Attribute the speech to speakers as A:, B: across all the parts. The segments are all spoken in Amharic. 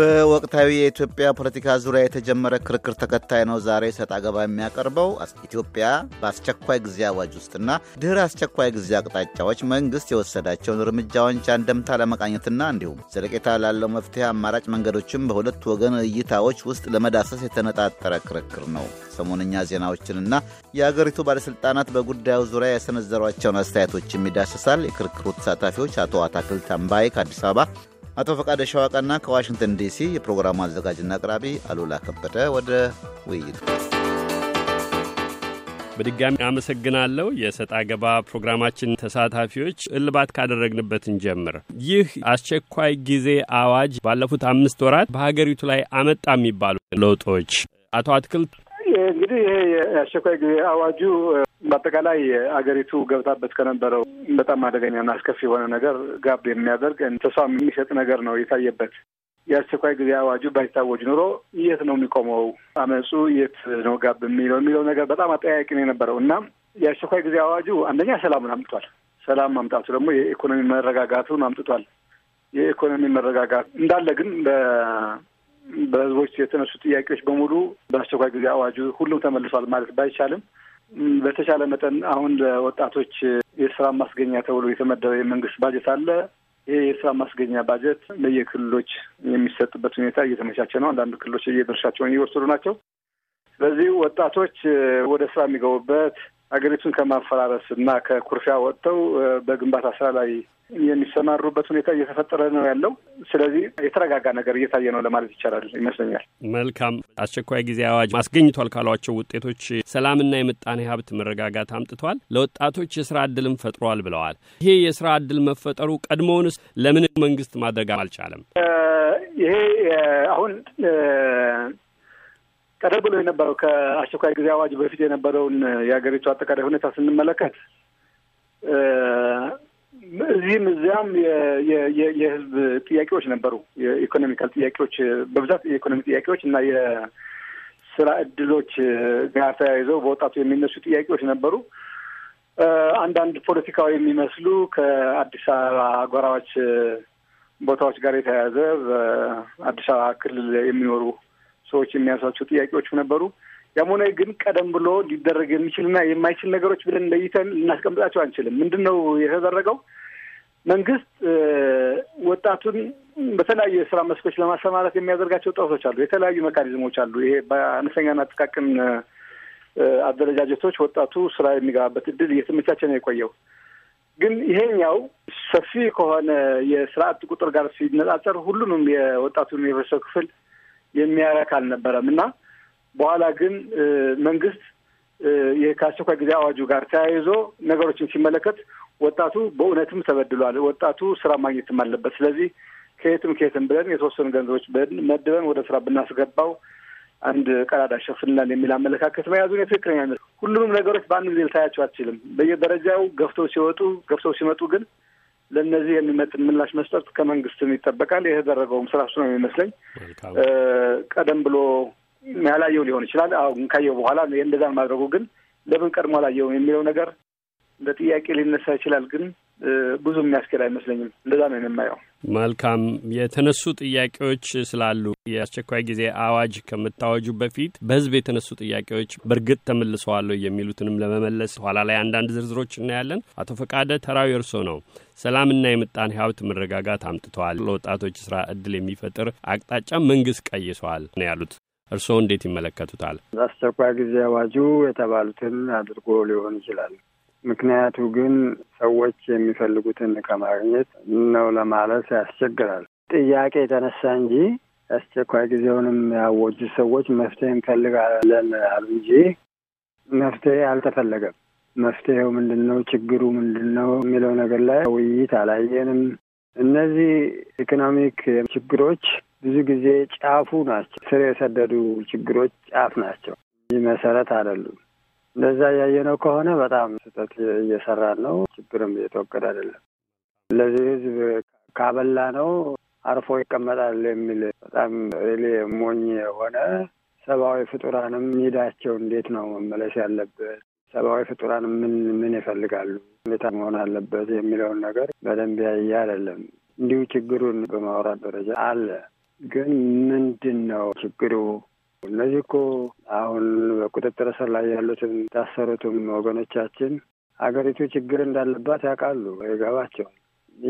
A: በወቅታዊ የኢትዮጵያ ፖለቲካ ዙሪያ የተጀመረ ክርክር ተከታይ ነው ዛሬ ሰጥ አገባ የሚያቀርበው። ኢትዮጵያ በአስቸኳይ ጊዜ አዋጅ ውስጥና ድህረ አስቸኳይ ጊዜ አቅጣጫዎች መንግስት የወሰዳቸውን እርምጃዎች አንደምታ ለመቃኘትና እንዲሁም ዘለቄታ ላለው መፍትሄ አማራጭ መንገዶችን በሁለት ወገን እይታዎች ውስጥ ለመዳሰስ የተነጣጠረ ክርክር ነው። ሰሞንኛ ዜናዎችንና የአገሪቱ ባለሥልጣናት በጉዳዩ ዙሪያ የሰነዘሯቸውን አስተያየቶችም ይዳስሳል። የክርክሩ ተሳታፊዎች አቶ አታክልት አምባይ ከአዲስ አበባ አቶ ፈቃደ ሸዋቃና ከዋሽንግተን ዲሲ የፕሮግራሙ አዘጋጅና አቅራቢ አሉላ ከበደ ወደ ውይይቱ በድጋሚ አመሰግናለሁ። የሰጣ ገባ ፕሮግራማችን ተሳታፊዎች እልባት ካደረግንበትን ጀምር ይህ አስቸኳይ ጊዜ አዋጅ ባለፉት አምስት ወራት በሀገሪቱ ላይ አመጣ የሚባሉ ለውጦች አቶ አትክልት
B: እንግዲህ ይሄ የአስቸኳይ ጊዜ አዋጁ በአጠቃላይ አገሪቱ ገብታበት ከነበረው በጣም አደገኛና አስከፊ የሆነ ነገር ጋብ የሚያደርግ ተስፋ የሚሰጥ ነገር ነው የታየበት። የአስቸኳይ ጊዜ አዋጁ ባይታወጅ ኑሮ የት ነው የሚቆመው አመፁ? የት ነው ጋብ የሚለው የሚለው ነገር በጣም አጠያቂ ነው የነበረው እና የአስቸኳይ ጊዜ አዋጁ አንደኛ ሰላሙን አምጥቷል። ሰላም ማምጣቱ ደግሞ የኢኮኖሚ መረጋጋቱን አምጥቷል። የኢኮኖሚ መረጋጋት እንዳለ ግን በህዝቦች የተነሱ ጥያቄዎች በሙሉ በአስቸኳይ ጊዜ አዋጁ ሁሉም ተመልሷል ማለት ባይቻልም በተቻለ መጠን አሁን ለወጣቶች የስራ ማስገኛ ተብሎ የተመደበ የመንግስት ባጀት አለ። ይህ የስራ ማስገኛ ባጀት ለየክልሎች የሚሰጥበት ሁኔታ እየተመቻቸ ነው። አንዳንድ ክልሎች የድርሻቸውን እየወሰዱ ናቸው። ስለዚህ ወጣቶች ወደ ስራ የሚገቡበት ሀገሪቱን ከማፈራረስ እና ከኩርፊያ ወጥተው በግንባታ ስራ ላይ የሚሰማሩበት ሁኔታ እየተፈጠረ ነው ያለው። ስለዚህ የተረጋጋ ነገር እየታየ ነው ለማለት ይቻላል ይመስለኛል።
A: መልካም። አስቸኳይ ጊዜ አዋጅ ማስገኝቷል ካሏቸው ውጤቶች ሰላምና የምጣኔ ሀብት መረጋጋት አምጥቷል፣ ለወጣቶች የስራ እድልም ፈጥሯል ብለዋል። ይሄ የስራ እድል መፈጠሩ ቀድሞውንስ ለምን መንግስት ማድረግ አልቻለም?
B: ይሄ አሁን ቀደም ብሎ የነበረው ከአስቸኳይ ጊዜ አዋጅ በፊት የነበረውን የሀገሪቱ አጠቃላይ ሁኔታ ስንመለከት እዚህም እዚያም የህዝብ ጥያቄዎች ነበሩ። የኢኮኖሚካል ጥያቄዎች በብዛት የኢኮኖሚ ጥያቄዎች እና የስራ እድሎች ጋር ተያይዘው በወጣቱ የሚነሱ ጥያቄዎች ነበሩ። አንዳንድ ፖለቲካዊ የሚመስሉ ከአዲስ አበባ ጎራዎች ቦታዎች ጋር የተያያዘ በአዲስ አበባ ክልል የሚኖሩ ሰዎች የሚያሳቸው ጥያቄዎችም ነበሩ። ያም ሆነ ግን ቀደም ብሎ ሊደረግ የሚችልና የማይችል ነገሮች ብለን ለይተን ልናስቀምጣቸው አንችልም። ምንድን ነው የተደረገው? መንግስት ወጣቱን በተለያዩ የስራ መስኮች ለማሰማራት የሚያደርጋቸው ጥረቶች አሉ። የተለያዩ ሜካኒዝሞች አሉ። ይሄ በአነስተኛና ጥቃቅን አደረጃጀቶች ወጣቱ ስራ የሚገባበት እድል እየተመቻቸ ነው የቆየው። ግን ይሄኛው ሰፊ ከሆነ የስርዓት ቁጥር ጋር ሲነጻጸር ሁሉንም የወጣቱን የህብረተሰብ ክፍል የሚያረክ አልነበረም እና በኋላ ግን መንግስት ከአስቸኳይ ጊዜ አዋጁ ጋር ተያይዞ ነገሮችን ሲመለከት ወጣቱ በእውነትም ተበድሏል፣ ወጣቱ ስራ ማግኘትም አለበት። ስለዚህ ከየትም ከየትም ብለን የተወሰኑ ገንዘቦች መድበን ወደ ስራ ብናስገባው አንድ ቀዳዳ ሸፍንላል የሚል አመለካከት መያዙን የትክክለኛ ሁሉንም ነገሮች በአንድ ጊዜ ልታያቸው አትችልም። በየደረጃው ገፍተው ሲወጡ ገፍተው ሲመጡ ግን ለእነዚህ የሚመጥን ምላሽ መስጠት ከመንግስትም ይጠበቃል። የተደረገውም ስራ እሱ ነው የሚመስለኝ። ቀደም ብሎ ያላየው ሊሆን ይችላል። አሁን ካየው በኋላ እንደዛን ማድረጉ ግን ለምን ቀድሞ አላየውም የሚለው ነገር እንደ ጥያቄ ሊነሳ ይችላል። ግን ብዙ የሚያስኬድ አይመስለኝም። እንደዛ ነው የምናየው።
A: መልካም። የተነሱ ጥያቄዎች ስላሉ የአስቸኳይ ጊዜ አዋጅ ከምታወጁ በፊት በህዝብ የተነሱ ጥያቄዎች በእርግጥ ተመልሰዋለሁ የሚሉትንም ለመመለስ ኋላ ላይ አንዳንድ ዝርዝሮች እናያለን። አቶ ፈቃደ ተራዊ እርሶ ነው። ሰላምና የምጣኔ ሀብት መረጋጋት አምጥተዋል፣ ለወጣቶች ስራ እድል የሚፈጥር አቅጣጫ መንግስት ቀይሰዋል ነው ያሉት። እርስዎ እንዴት ይመለከቱታል?
C: አስቸኳይ ጊዜ አዋጁ የተባሉትን አድርጎ ሊሆን ይችላል። ምክንያቱ ግን ሰዎች የሚፈልጉትን ከማግኘት ነው ለማለት ያስቸግራል። ጥያቄ የተነሳ እንጂ አስቸኳይ ጊዜውንም ያወጁ ሰዎች መፍትሄ እንፈልጋለን አሉ እንጂ መፍትሄ አልተፈለገም። መፍትሄው ምንድን ነው፣ ችግሩ ምንድን ነው የሚለው ነገር ላይ ውይይት አላየንም። እነዚህ ኢኮኖሚክ ችግሮች ብዙ ጊዜ ጫፉ ናቸው። ስር የሰደዱ ችግሮች ጫፍ ናቸው እንጂ መሰረት አይደሉም። እንደዛ ያየነው ከሆነ በጣም ስህተት እየሰራን ነው። ችግርም እየተወገደ አይደለም። ለዚህ ህዝብ ካበላ ነው አርፎ ይቀመጣል የሚል በጣም ሬሌ ሞኝ የሆነ ሰብአዊ ፍጡራንም ሚዳቸው እንዴት ነው መመለስ ያለበት ሰብአዊ ፍጡራን ምን ምን ይፈልጋሉ ሁኔታ መሆን አለበት የሚለውን ነገር በደንብ ያየ አይደለም። እንዲሁ ችግሩን በማውራት ደረጃ አለ። ግን ምንድን ነው ችግሩ? እነዚህ እኮ አሁን በቁጥጥር ስር ላይ ያሉትም የታሰሩትም ወገኖቻችን አገሪቱ ችግር እንዳለባት ያውቃሉ። ይገባቸው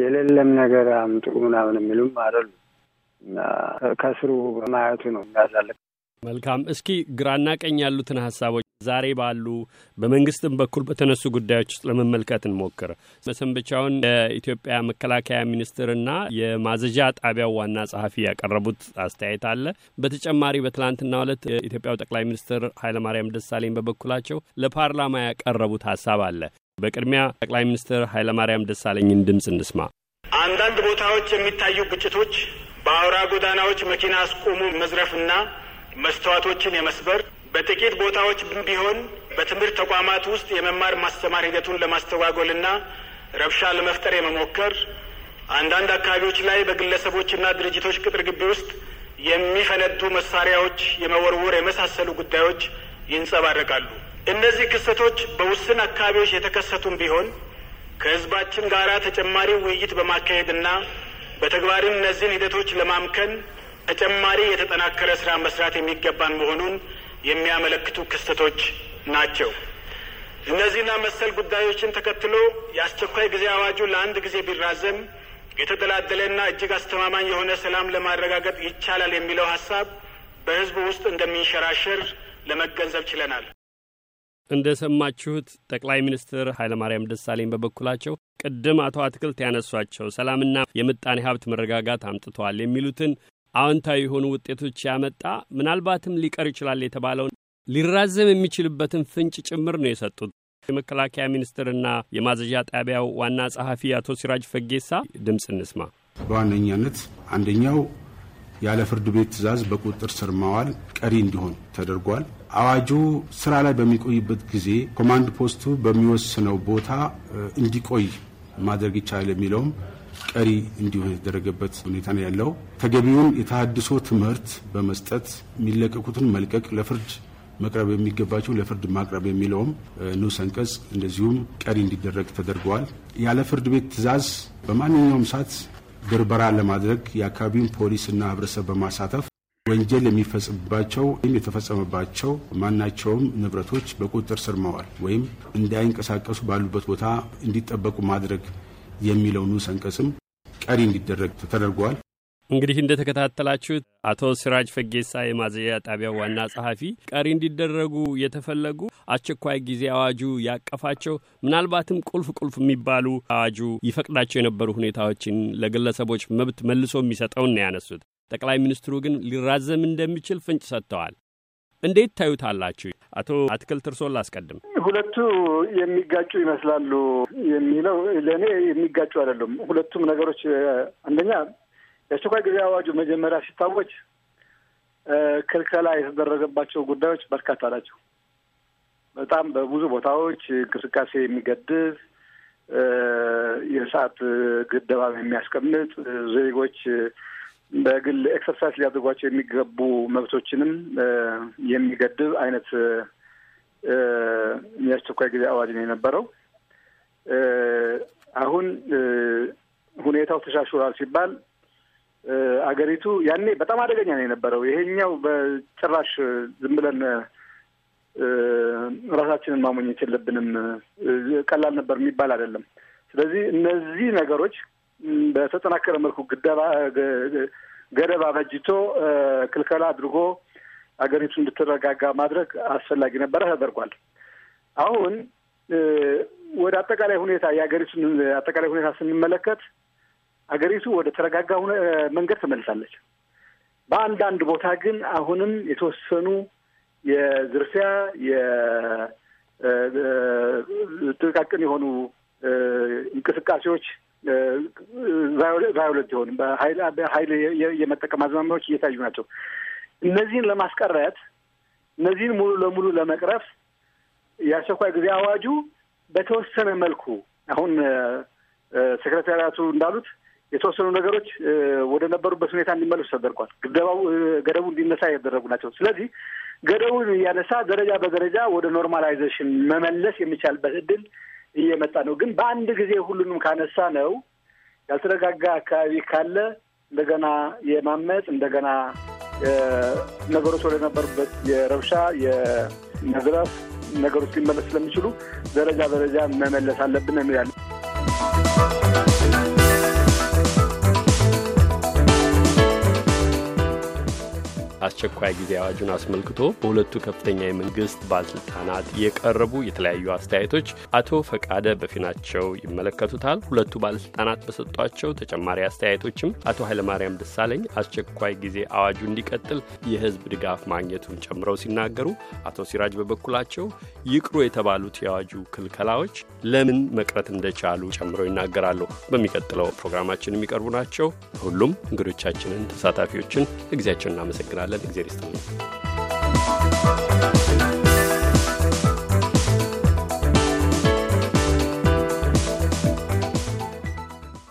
C: የሌለም ነገር አምጡ ምናምን የሚሉም አይደሉ እና ከስሩ በማየቱ ነው የሚያሳልፍ።
A: መልካም። እስኪ ግራና ቀኝ ያሉትን ሀሳቦች ዛሬ ባሉ በመንግስትም በኩል በተነሱ ጉዳዮች ውስጥ ለመመልከት እንሞክር። መሰንበቻውን የኢትዮጵያ መከላከያ ሚኒስትርና የማዘዣ ጣቢያው ዋና ጸሐፊ ያቀረቡት አስተያየት አለ። በተጨማሪ በትላንትናው ዕለት የኢትዮጵያው ጠቅላይ ሚኒስትር ኃይለማርያም ደሳለኝ በበኩላቸው ለፓርላማ ያቀረቡት ሀሳብ አለ። በቅድሚያ ጠቅላይ ሚኒስትር ኃይለማርያም ደሳለኝን ድምፅ እንስማ። አንዳንድ ቦታዎች የሚታዩ ግጭቶች
B: በአውራ ጎዳናዎች መኪና አስቆሙ መዝረፍና መስተዋቶችን የመስበር በጥቂት ቦታዎች ቢሆን በትምህርት ተቋማት ውስጥ የመማር ማስተማር ሂደቱን ለማስተጓጎልና ረብሻ ለመፍጠር የመሞከር አንዳንድ አካባቢዎች ላይ በግለሰቦችና ድርጅቶች ቅጥር ግቢ ውስጥ የሚፈነዱ መሳሪያዎች የመወርወር የመሳሰሉ ጉዳዮች ይንጸባረቃሉ። እነዚህ ክስተቶች በውስን አካባቢዎች የተከሰቱም ቢሆን ከህዝባችን ጋር ተጨማሪ ውይይት በማካሄድና በተግባርም እነዚህን ሂደቶች ለማምከን ተጨማሪ የተጠናከረ ስራ መስራት የሚገባን መሆኑን የሚያመለክቱ ክስተቶች ናቸው። እነዚህና መሰል ጉዳዮችን ተከትሎ የአስቸኳይ ጊዜ አዋጁ ለአንድ ጊዜ ቢራዘም የተደላደለና እጅግ አስተማማኝ የሆነ ሰላም ለማረጋገጥ ይቻላል የሚለው ሀሳብ በህዝቡ ውስጥ እንደሚንሸራሸር
C: ለመገንዘብ ችለናል።
A: እንደ ሰማችሁት ጠቅላይ ሚኒስትር ኃይለማርያም ደሳለኝ በበኩላቸው ቅድም አቶ አትክልት ያነሷቸው ሰላምና የምጣኔ ሀብት መረጋጋት አምጥተዋል የሚሉትን አዎንታዊ የሆኑ ውጤቶች ያመጣ ምናልባትም ሊቀር ይችላል የተባለውን ሊራዘም የሚችልበትን ፍንጭ ጭምር ነው የሰጡት። የመከላከያ ሚኒስትርና የማዘዣ ጣቢያው ዋና ጸሐፊ አቶ ሲራጅ ፈጌሳ ድምፅ እንስማ። በዋነኛነት አንደኛው ያለ ፍርድ ቤት ትዕዛዝ በቁጥጥር ስር ማዋል ቀሪ እንዲሆን ተደርጓል።
B: አዋጁ ስራ ላይ በሚቆይበት ጊዜ ኮማንድ ፖስቱ በሚወስነው ቦታ እንዲቆይ ማድረግ ይቻላል የሚለውም ቀሪ እንዲሆን የተደረገበት ሁኔታ ነው ያለው። ተገቢውን የተሃድሶ ትምህርት በመስጠት የሚለቀቁትን መልቀቅ፣ ለፍርድ መቅረብ የሚገባቸው ለፍርድ ማቅረብ የሚለውም ንዑስ አንቀጽ እንደዚሁም ቀሪ እንዲደረግ ተደርገዋል። ያለ ፍርድ ቤት ትዕዛዝ በማንኛውም ሰዓት ብርበራ ለማድረግ የአካባቢውን ፖሊስና ህብረተሰብ በማሳተፍ ወንጀል የሚፈጽምባቸው ወይም የተፈጸመባቸው ማናቸውም ንብረቶች በቁጥጥር ስር መዋል ወይም እንዳይንቀሳቀሱ ባሉበት ቦታ እንዲጠበቁ ማድረግ የሚለው ንዑስ አንቀጽም ቀሪ እንዲደረግ ተደርጓል።
A: እንግዲህ እንደተከታተላችሁት አቶ ሲራጅ ፈጌሳ የማዘያ ጣቢያው ዋና ጸሐፊ ቀሪ እንዲደረጉ የተፈለጉ አስቸኳይ ጊዜ አዋጁ ያቀፋቸው ምናልባትም ቁልፍ ቁልፍ የሚባሉ አዋጁ ይፈቅዳቸው የነበሩ ሁኔታዎችን ለግለሰቦች መብት መልሶ የሚሰጠውን ነው ያነሱት። ጠቅላይ ሚኒስትሩ ግን ሊራዘም እንደሚችል ፍንጭ ሰጥተዋል። እንዴት ታዩታላችሁ? አቶ አትክልት እርሶን ላስቀድም።
B: ሁለቱ የሚጋጩ ይመስላሉ የሚለው ለእኔ የሚጋጩ አይደሉም። ሁለቱም ነገሮች አንደኛ የአስቸኳይ ጊዜ አዋጁ መጀመሪያ ሲታወጅ ክልከላ የተደረገባቸው ጉዳዮች በርካታ ናቸው። በጣም በብዙ ቦታዎች እንቅስቃሴ የሚገድብ የሰዓት ግደባም የሚያስቀምጥ ዜጎች በግል ኤክሰርሳይዝ ሊያደርጓቸው የሚገቡ መብቶችንም የሚገድብ አይነት የአስቸኳይ ጊዜ አዋጅ ነው የነበረው። አሁን ሁኔታው ተሻሽሏል ሲባል አገሪቱ ያኔ በጣም አደገኛ ነው የነበረው። ይሄኛው በጭራሽ ዝም ብለን ራሳችንን ማሞኘት የለብንም፣ ቀላል ነበር የሚባል አይደለም። ስለዚህ እነዚህ ነገሮች በተጠናከረ መልኩ ገደብ አበጅቶ ክልከላ አድርጎ አገሪቱ እንድትረጋጋ ማድረግ አስፈላጊ ነበረ፣ ተደርጓል። አሁን ወደ አጠቃላይ ሁኔታ የአገሪቱን አጠቃላይ ሁኔታ ስንመለከት አገሪቱ ወደ ተረጋጋ መንገድ ተመልሳለች። በአንዳንድ ቦታ ግን አሁንም የተወሰኑ የዝርፊያ የጥቃቅን የሆኑ እንቅስቃሴዎች ቫዮለንት የሆኑ በሀይል የመጠቀም አዝማሚያዎች እየታዩ ናቸው። እነዚህን ለማስቀረት እነዚህን ሙሉ ለሙሉ ለመቅረፍ የአስቸኳይ ጊዜ አዋጁ በተወሰነ መልኩ አሁን ሴክሬታሪያቱ እንዳሉት የተወሰኑ ነገሮች ወደ ነበሩበት ሁኔታ እንዲመለሱ ተደርጓል። ገደባው ገደቡ እንዲነሳ ያደረጉ ናቸው። ስለዚህ ገደቡን እያነሳ ደረጃ በደረጃ ወደ ኖርማላይዜሽን መመለስ የሚቻልበት እድል እየመጣ ነው። ግን በአንድ ጊዜ ሁሉንም ካነሳ ነው ያልተረጋጋ አካባቢ ካለ እንደገና የማመፅ እንደገና ነገሮች ወደነበሩበት የረብሻ የመዝረፍ ነገሮች ሊመለስ ስለሚችሉ ደረጃ ደረጃ መመለስ አለብን የሚላል
A: አስቸኳይ ጊዜ አዋጁን አስመልክቶ በሁለቱ ከፍተኛ የመንግስት ባለስልጣናት የቀረቡ የተለያዩ አስተያየቶች አቶ ፈቃደ በፊናቸው ይመለከቱታል። ሁለቱ ባለስልጣናት በሰጧቸው ተጨማሪ አስተያየቶችም አቶ ኃይለማርያም ደሳለኝ አስቸኳይ ጊዜ አዋጁ እንዲቀጥል የህዝብ ድጋፍ ማግኘቱን ጨምረው ሲናገሩ፣ አቶ ሲራጅ በበኩላቸው ይቅሩ የተባሉት የአዋጁ ክልከላዎች ለምን መቅረት እንደቻሉ ጨምረው ይናገራሉ። በሚቀጥለው ፕሮግራማችን የሚቀርቡ ናቸው። ሁሉም እንግዶቻችንን ተሳታፊዎችን ለጊዜያቸው እናመሰግናለን። взгляды, где арестовывают.